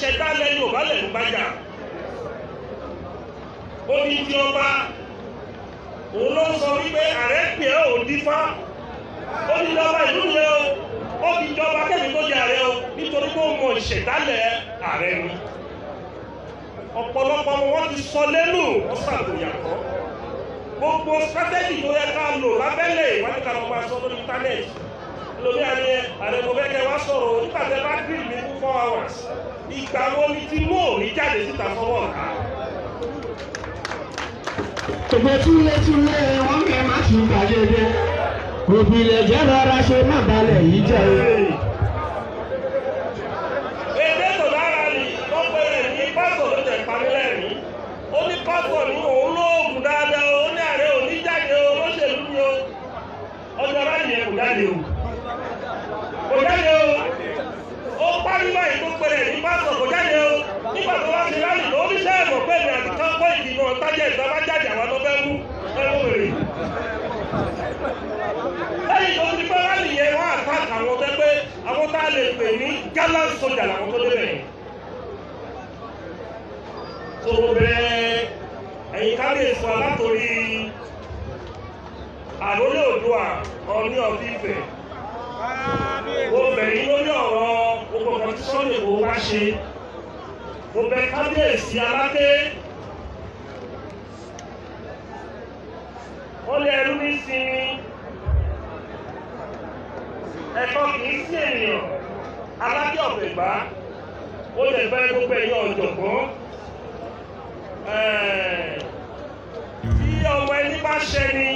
ṣẹ̀dá lẹ́nu ọ̀bá lẹ́nu bájà omi di ọba òun ló sọ wípé ààrẹ pè é ò dífá ó ní lọ́ba ìlú yẹn o ó fi jọba kẹ́mi tó di ààrẹ o nítorí pé ó mọ ìṣẹ̀dálẹ̀ ààrẹ ni ọ̀pọ̀lọpọ̀ wọn ti sọ lẹ́nu wọ́n ṣàgbéyàwó gbogbo strategy tó yẹ ká lò lábẹ́lẹ̀ ìwádìí kan ọgbà sọ lórí íńtánẹ́ẹ̀tì lórí ààrẹ ààrẹ kò fẹ́ kẹ́ wá sọ̀rọ̀ nígbà tẹ́ bá gírì mi four hours ìgbà wo ni ti mú òní jáde síta fọwọ́ ọ̀tá. Ògbẹ́ túlé túlé wọ́n kẹ́ máa tún gbàgede, òbí lè jẹ́ lọ́ra ṣe má balẹ̀ yìí jẹ́ o. ètò ọba jáde àwọn ló fẹ́ wú ẹ̀rọ wèrè. lẹ́yìn tó ti pẹ́ láti yẹ wọ́n àtàkì àwọn tó pé àwọn tá a lè pè ní gallant sójà làwọn tó débẹ̀ yẹn. bẹ́ẹ̀ ẹ̀yìn kábíyèsí wa látòrí àlólè òdua ọ̀ní ọ̀bí ìfẹ́ mo bẹ̀ yín lórí ọ̀rọ̀ gbogbo tí sọ́ọ̀nì kò wá ṣe mo bẹ̀ kábíyèsí aláké. ó lé ẹrú ní sinmi ẹ̀kọ́ kìí sí ènìyàn alájọ ọ̀gbẹ̀gbá ó lè fẹ́ gbogbo ẹ̀yìn ọ̀jọ̀gbọ́n tí ọmọ ẹni bá ṣẹ́ ni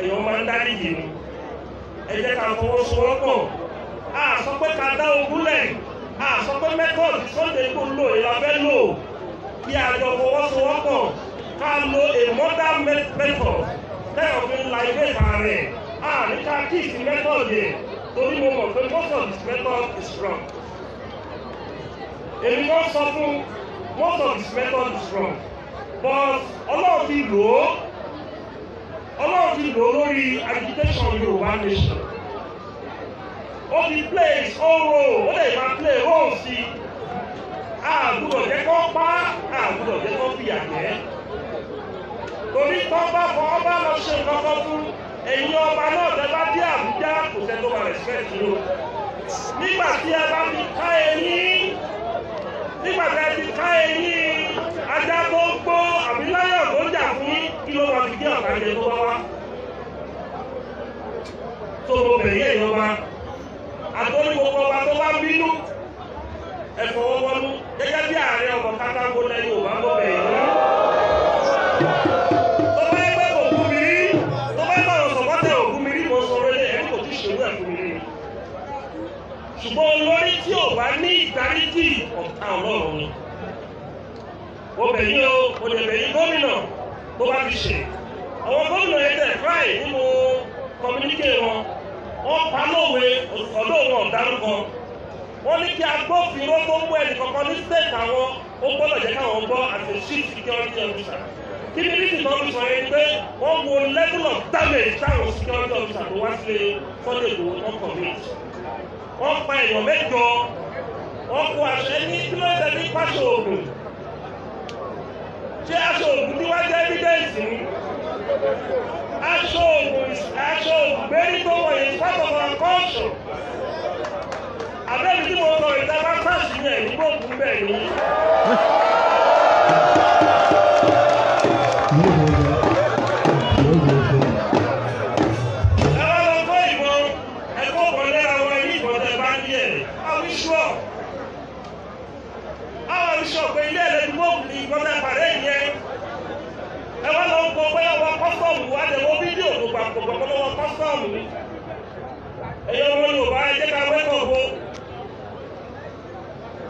ẹ̀yọ́ máa ń dárí yìí ni ẹ jẹ́ ká fọwọ́sowọ́pọ̀ a sọ pé ká dá ogún lẹ̀ a sọ pé mẹ́tọ́ọ̀dù Sunday kò lò ìlà fẹ́ lò kí a jọ ká lo a modern method tẹ́ òfin la ilé ìtààrẹ̀ àní ah, ká kí ìsìnkẹ́tọ̀ yè torí mo mọ̀ pé most of ìsìnkẹ́tọ̀ is wrong. èmi kan sọ fún most of ìsìnkẹ́tọ̀ is wrong but ọlọ́run ti lò ó ọlọ́run ti lò ó lórí agitation Yorùbá nation ó ti play his own role ó lè máa play role sí i àgùdọ̀ jẹ́ kó pa àgùdọ̀ jẹ́ kó fìyà jẹ́ tọ́ bá fọ ọba lọ ṣe kankan fún ẹ̀yin ọba náà tẹ bá dé Àbújá kò sẹ́ tó bá respect yìí nígbà tí ẹ bá fi ká ẹyín nígbà tí ẹ fi ká ẹyín ajá tó ń gbó àbí láyọ̀ tó ń jà fún kí ló máa fi dé ọ̀gá jẹ tó bá wá tó ló bẹ̀rẹ̀ yẹ̀ yọba àtọ́ni gbogbo ọba tó bá bínú ẹ̀fọ́ wọ́wọ́nú gẹ́gẹ́ bí ààrẹ ọmọ kátákó lẹ́yìn òbá ló bẹ̀rẹ̀ yẹ̀ ọlọ́run ni obìnrin o obìnrin gómìnà bó bá fi ṣe àwọn gómìnà yẹn fáì nínú kọmíníkè wọn wọ́n pa lówe ọ̀dọ́ wọn ní kí agbófinró tó mú ẹnì kankan ní state àwọn ó gbọ́dọ̀ jẹ́ káwọn gbọ́ as a chief security officer kí ni bíbí kan sọ yẹn pé wọ́n wo level of damage táwọn security officer tó wá sílé Sunday wọn kọ̀ mí wọ́n pa èèyàn mẹ́jọ ọkọ̀ àṣẹ ní kílódé ní pàṣẹ òògùn ṣé aṣọ òògùn ní wájú evidence ni aṣọ òògùn aṣọ òògùn bẹ́ẹ̀ni tó wọ̀ yìí pápọ̀ kan kọ́ọ̀ṣọ̀ abẹ́ni tí mo sọ ìta bá pàṣẹ yẹn ní gbòògùn bẹ́ẹ̀ ni. àkọ́kọ́ lọ́wọ́ kọ́sítọ́ọ̀mù ni ẹ̀yọ́ ọmọ Yorùbá ẹ jẹ́ ká wẹ́kọ̀ bo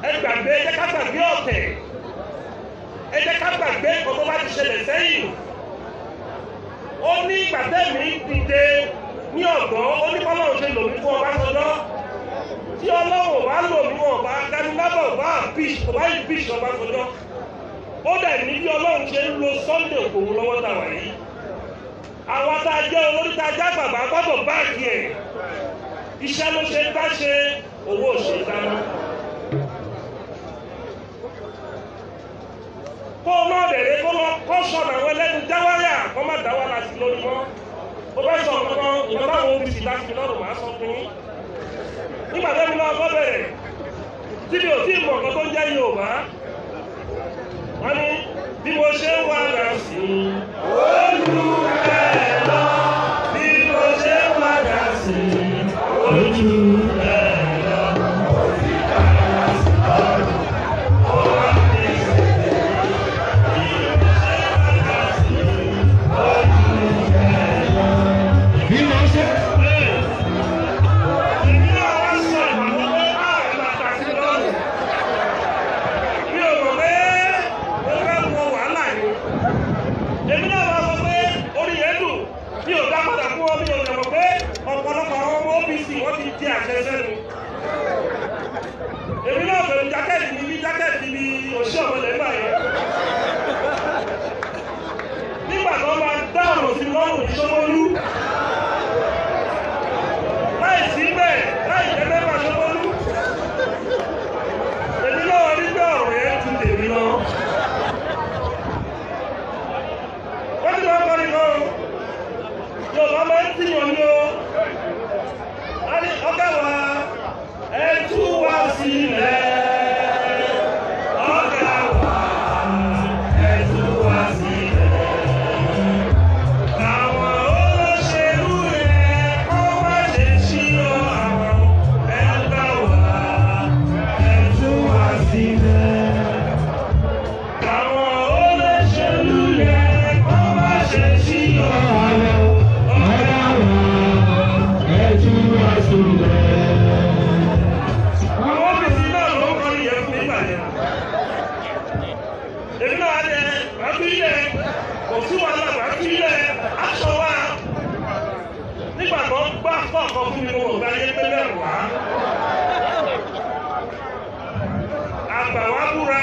ẹ gbàgbé ẹ jẹ́ ká gbàgbé ọ̀tẹ̀ ẹ jẹ́ ká gbàgbé ọ̀tọ̀ bá ti ṣẹlẹ̀ sẹ́yìn ó ní gbàgbé mi dìde ní ọ̀dọ́ ó ní kọ́lọ́run ṣe lòmí fún Ọbásanjọ́ tí Ọlọ́run bá lòmí wọn bá dánilábọ̀ bá bíṣ bá bíṣ Ọbásanjọ́ ó dẹ̀ ní bí Ọlọ́run ṣe ń lo Sunday Igboho lọ́wọ́ tàwa yìí àwọn tá a jẹ́ olórí tá a jẹ́ àgbààgbà gbọ́dọ̀ báàkì ẹ̀ iṣẹ́ ló ṣe ń bá ṣe owó òṣè dáná. kó o má bẹ̀rẹ̀ kó lọ kó sọ̀rọ̀ àwọn ẹlẹ́nu dáwárà kó má dáwárà sí lórí mọ́ o bá sọ̀rọ̀ kan ìgbà táwọn òbí ti dá sí lọ́rùn máa sọ fún yín nígbà tó ń lọ ọgbọ́ bẹ̀rẹ̀ tí mi ò tí ì mọ̀ nǹkan tó ń jẹ́ Yorùbá. èmi náà máa sọ pé orí yẹn dùn mi ò dá padà fún ọ mi ò dàgbọ́ pé ọ̀pọ̀lọpọ̀ àwọn ọmọ OPC wọ́n ti di àṣẹ sẹ́nu. èmi náà bẹ̀rù jákẹ́ẹ̀tì mi bí jákẹ́ẹ̀tì mi òṣì ọ̀mọlẹ̀ mbà yẹn. nígbà tó máa dáhùn sí lọ́rùn ìṣọ́mọ́lú láti ọ̀nà. àwọn ọ́fíìsì náà ló ń kọrin yẹn fún nígbà yẹn èmi náà adé gbàgbílẹ̀ òsì wàhálà gbàgbílẹ̀ aṣọ wa nígbà tó ń gbà kọ̀ọ̀kan fún mi mo gbà yé pé bẹ́ẹ̀ wá. àgbà wa búra.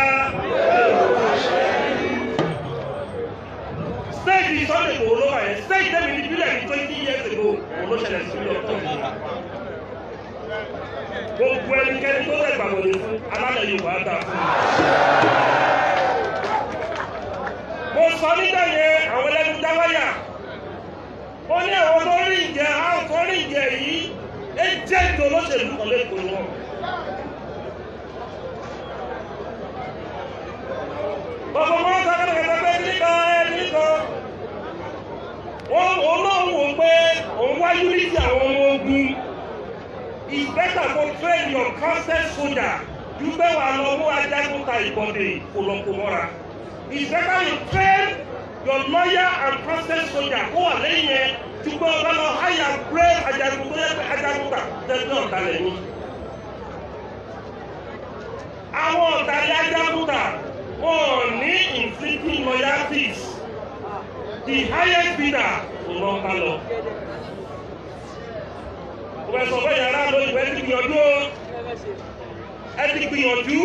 stéèjì sọ́dẹ̀ kò ló wà yẹn stéèjì tẹ́mi ní bílẹ̀ ní twenty years ago kò ló ṣẹlẹ̀ sí gbogbo ẹnikẹ́ni tó rẹ̀ gbàgbọ́dé fún alálẹ̀ yorùbá dà fún mi. mo sọ nígbà yẹn àwọn ẹlẹ́nu dáwáyà ó ní àwọn tó rí ìjẹ àwọn tó rí ìjẹ yìí ẹ jẹ́ ìjọ olóṣèlú kan lẹ́kọ̀ọ́ náà. gbogbo wọn sọ pé kẹta pé nígbà ẹni kan olóhùn wò pé òun wáyú níjà àwọn ọmọ ogun you better go train your constant soldier dúpẹ́ wà lọ́wọ́ ajagun ta ìbọ̀dé kòlọ́kòmọ́ra it's better you train your lawyer and constant soldier kó wà lẹ́yìn yẹn dúpẹ́ ọba lọ hire brave ajagun tó yẹ pé ajagun ta tẹ̀lé ọ̀dàlẹ̀ ni. àwọn ọ̀dàlẹ̀ ajagun ta wọn ò ní inflicting loyalties the highest bidder kò lọ́ọ́ lọ kò fẹ́ sọ fẹ́ yàrá lóyún ẹ ti gbìyànjú o ẹ ti gbìyànjú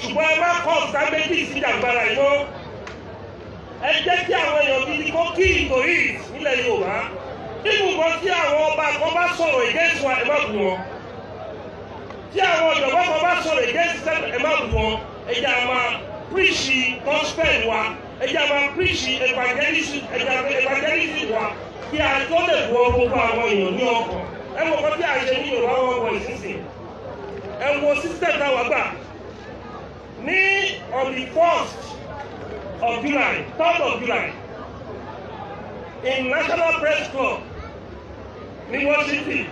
ṣùgbọ́n ẹ má kọ́ ọ̀sán méjì síjàgbara yìí o ẹ jẹ́ kí àwọn èèyàn gidi kó kí ìtòrí nílẹ̀ Yorùbá nínú nǹkan tí àwọn ọba kan bá sọ̀rọ̀ ìgẹ́sù ẹ má bù wọn tí àwọn ọ̀jọ̀gbọ́n kan bá sọ̀rọ̀ ìgẹ́sù ẹ má bù wọn ẹ jẹ́ a máa píríṣì gospel wa ẹ jẹ́ a máa píríṣì evangelism kí a tó lè bu ọkùn fún àwọn èèyàn ní ọkọ̀ ẹ mọ̀ kọ́ bí a ṣe ní yorùbá wọn wọ ìsinsìn ẹ wo system táwa gbà ní on the first of July third of July in National Press Club ní Washington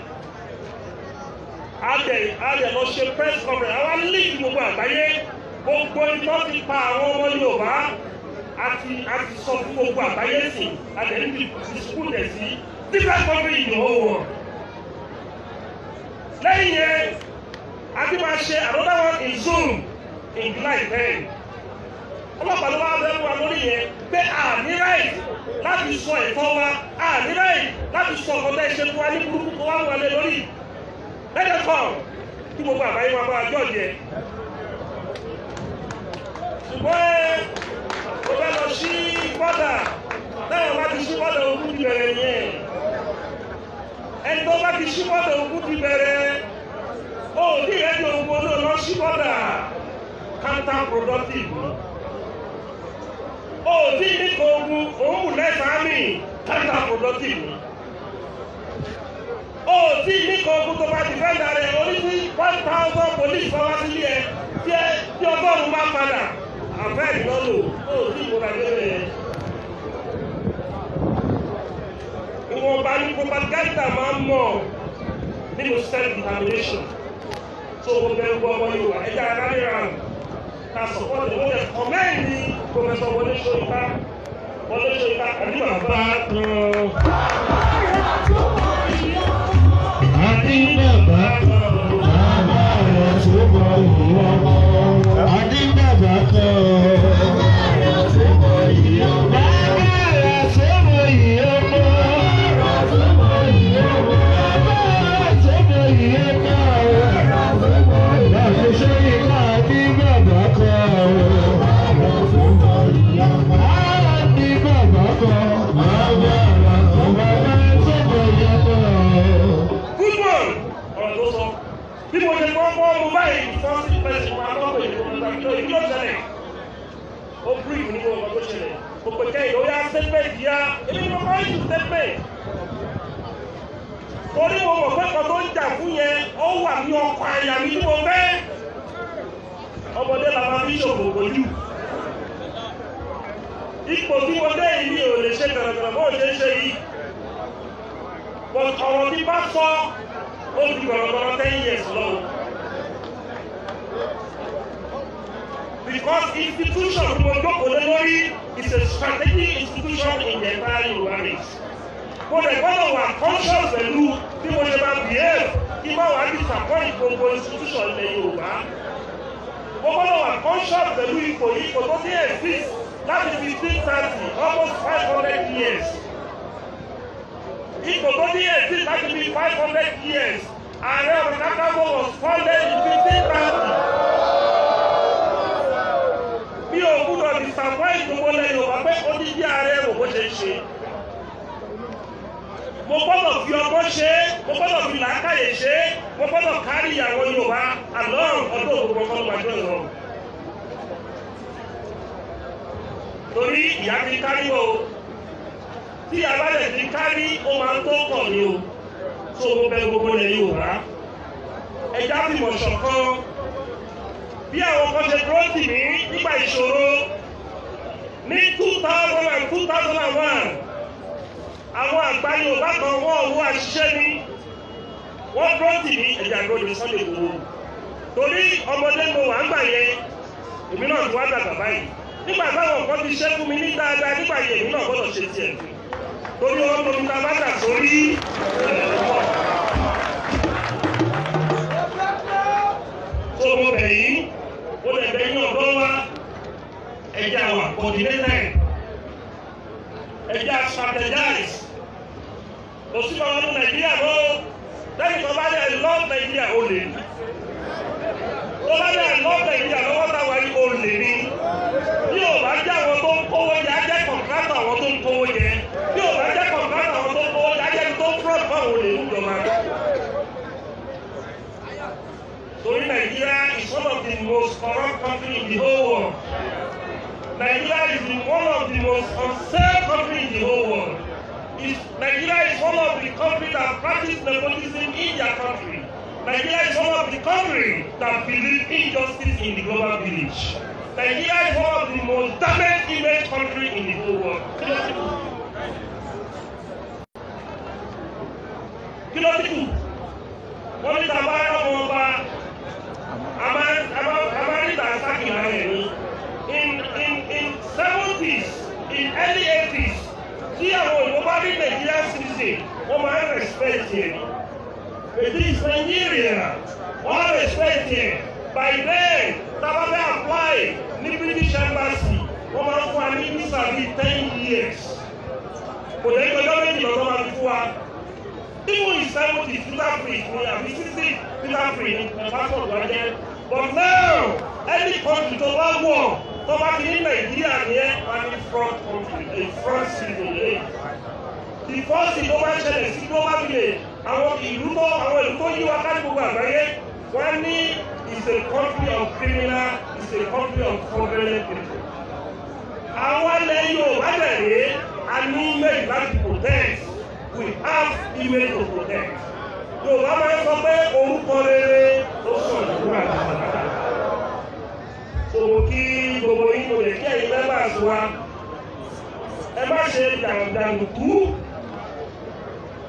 adẹ adẹ lọ ṣe press conference àwa league gbogbo àgbáyé gbogbo ibi tó ti pa àwọn ọmọ yorùbá. àti àti sọ gbogbo àgbáyé sìn àtẹ̀lẹ́dì distribute sí different country in the lẹ́yìn yẹn a ti máa ṣe another one in Zoom in July ten ọlọ́pàá ló wá bẹ́ẹ̀ wá lórí yẹn pé àní right láti sọ ẹ̀tọ́ wa àní right láti sọ ọ̀gọ́dá ẹ̀ṣẹ̀ fún wa ní burúkú tó wá wọlé lórí lẹ́yìn gbogbo àgbáyé wa máa ṣí bọ́dà táwọn bá ti ṣí bọ́dà ogun ti bẹ̀rẹ̀ yẹn ẹni tó bá ti ṣí bọ́dà ogun ti bẹ̀rẹ̀ ó ní ẹni ogun náà lọ ṣí bọ́dà counter productive ó ní nípa ogun òun kù lẹ́sàn-án mi counter productive ó ní nípa ogun tó bá ti fẹ́ darẹ̀ orí sí one thousand police fọwọ́ sílé ẹ tí ọgọ́rùn-ún bá padà àbá ìlọ́lò ó sì múra lórí ẹ̀. ìwọ̀nba ní propaganda máa ń mọ̀ nínú self determination tó o bẹ gbọ́ ọmọ Yorùbá ẹja arábìnrin ta sọ̀pọ̀ ní wọ́n lè kọ́ mẹ́rin ní Professor Wọlé Ṣóyínká Wọlé Ṣóyínká àbí bàbá kan. àti bàbá kan. ní kí ló ṣẹlẹ̀ ó bíríìfù ní gbogbo tó ṣẹlẹ̀ kò pè kẹ́yìn ó yá statement yá èmi ni mo máa ń yù statement torí mo mọ̀ pé kan tó ń jà fún yẹn ó wà ní ọkọ̀ àyà mi tí mo fẹ́ ọmọdé bàbá mi ṣòwò ojú ipò tí mo dé yìí ò lè ṣe gbẹ̀rẹ̀gbẹ̀rẹ̀ bó ṣe ń ṣe yìí bọ̀t ọ̀rọ̀ mi bá sọ ó fi gbọ̀rọ̀gbọ̀rọ̀ ten years lọ́wọ́. because institution of Mojoko Olori is a strategic institution in the entire Yoruba race. Mo lè gbọ́dọ̀ wà conscious pẹ̀lú bí mo ṣe máa behave kí má wàá disappoint gbogbo institution ilẹ̀ Yorùbá. Mo gbọ́dọ̀ wà conscious pẹ̀lú ipò ipò tó ti exist láti fifteen thirty almost five hundred years. Ipò tó ti exist láti fi five hundred years. Ààrẹ Ọ̀nà Kakanfò was founded in fifteen thirty o ní òwúrọ̀ ìsàpá ìgbòho lẹ́yìn ọ̀pá pé odidi ààrẹ rò bó ṣe ń ṣe mo gbọ́dọ̀ fi ọgbọ́n ṣe é mo gbọ́dọ̀ fi làákàyè ṣe é mo gbọ́dọ̀ kárí ìyàwó Yorùbá àlọ́ ọdún òkùnkùn kan wájú ọ̀rọ̀ torí ìyá mi kárí o tí ìyá bá lè fi kárí ó máa ń tó kọ̀ ni o tó gbogbo gbogbo lẹ́yìn Yorùbá ẹja fìmọ̀ ṣọ̀kan. bí àwọn kan ṣe dúró tì nígbà ìṣòro ní two thousand and two thousand and one àwọn àgbà Yorùbá kan wọ́n owó àṣìṣe ní wọ́n dúró ní torí ọmọdé mo wà ń gbà yẹn èmi náà ti wá dàgbà báyìí nígbà táwọn kan ti ṣe fún mi ní dáadáa nígbà torí ta bá dà tá a wà coordinated ẹjẹ́ strategize òsínà ọdún nàìjíríà ló lẹ́yìn tó bá dẹ̀ love nàìjíríà ó lè ní tó bá dẹ̀ love nàìjíríà lọ́wọ́ táwa yìí ó lè ní bí ò bá jẹ́ àwọn tó ń kówó jẹ ajẹ́ kọ̀ǹtrátà àwọn tó ń kówó jẹ bí ò bá jẹ́ kọ̀ǹtrátà àwọn tó ń kówó jẹ ajẹ́ tó ń fraud fáwọn olè níjọba. torí nàìjíríà is one of the most corrupt companies in the whole world. Nigeria is one of the most unsafe countries in the whole world. It's, Nigeria is one of the countries that practice nepotism in their country. Nigeria is one of the countries that believe injustice in the global village. Nigeria is one of the most damaged image country in the whole world. Kí ló ti kù? Any eighties tí àwọn òyìnbó bá rí Nàìjíríà citizen wọ́n máa ń respect yẹn it is Nigeria wọ́n respect yẹn by then tábà fẹ́ apply ní British embassy wọ́n máa ń fún wa ní visa bíi ten years kò lè gbẹdọ́ méjì lọ́dọ́ máa fi fún wa even in seventy peter free ni àbí sixty peter free ni passport wa jẹ but now any country tó bá wọ̀ tó bá ti ní nàìjíríà ní ẹ wá ní front country a front city ẹ ìfọ́sì tó bá ṣẹlẹ̀ sí tó bá fi lè àwọn ìlú tó àwọn ìlú tó yí wa ká gbogbo àgbáyé wọ́n ní is a country of criminal is a country of fraudulent people. àwọn ilẹ̀ Yorùbá bẹ̀rẹ̀ a ní image láti protect we have image to protect. Yorùbá máa ń sọ pé orúkọ rere ló sọ ìlú àgbàlagbà sọ̀rọ̀ kí gbogbo yín kò lè jẹ́ ìlú ẹgbà àṣùwà ẹ má ṣe dàǹdàǹdùkú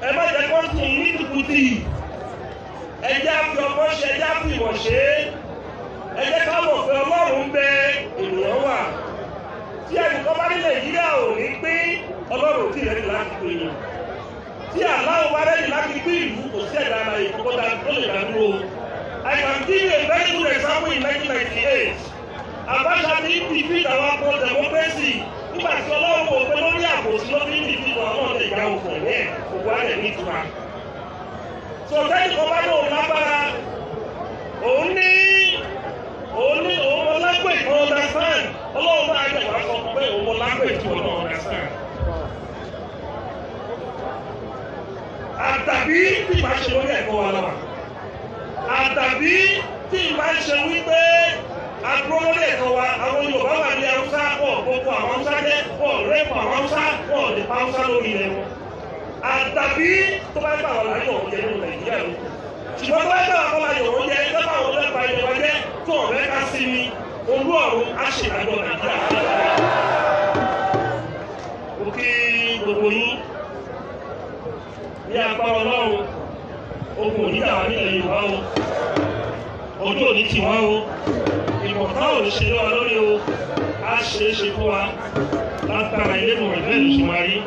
ẹ má jẹ́ kọ́ńtì ní tùkùtì ẹ jẹ́ àfi ọkọ ṣe ẹ jẹ́ àfi ìwọ̀ ṣe ẹ jẹ́ káwọn òfin ọlọ́run bẹ ènìyàn wà tí ẹnìkan bá ní nàìjíríà ò ní pín ọlọ́run tí ìrẹ́ni láti pè yàn tí aláwọ̀ bá rẹ́ni láti pín ìlú kò sí ẹ̀dá ara ìkókó tó lè dá dúró. I can give a very good example in 1998. Abacha ti ń dìbìtì àwọn pro-democracy nígbà tí ọlọ́run kò pé lórí àbòsí ló ti ń dìbìtì àwọn ọ̀dẹ̀ ìyá òfò ẹ̀ òwò alẹ̀ nítura. Sọ̀tẹ́ni kan bá ní òun lágbára òun ní òun ní òun mọ lágbè kan understand ọlọ́run bá yẹ wá sọ pé òun mọ lágbè tí òun náà understand. Àtàbí tí ìbá ṣe lórí ẹ̀kọ́ wa lọ́wọ́ àtàbí tí ìbá ṣe wípé adúrólé ẹ̀kọ́ wa àwọn Yorùbá wà ní Haúsá pọ̀ gbogbo àwọn Haúsá jẹ́ pọ̀ rẹ́pọ̀ àwọn Haúsá pọ̀ nípa Haúsá lórí ilẹ̀ wọn. àtàbí tó bá gbà wọn láyọ̀ ọ̀jẹ̀ nínú Nàìjíríà ló ṣùgbọ́n tó bá gbà wọn láyọ̀ ọ̀jẹ̀ tó bá wọn lẹ́pa ilẹ̀ wa jẹ́ tó ọ̀rẹ́ ká sí ni olú ọ̀run á ṣèdájọ́ Nàìjíríà. mo kí gbogbo yín ní apá Ọlọ́run ogun òní làwọn nílẹ̀ ojú òní tiwọn o ìwọ̀nba ò ṣe lọ́wọ́ lórí o á ṣe é ṣe fún wa látara ilé ìwọ̀n ìbẹ́ẹ̀ ló ṣe máa rí.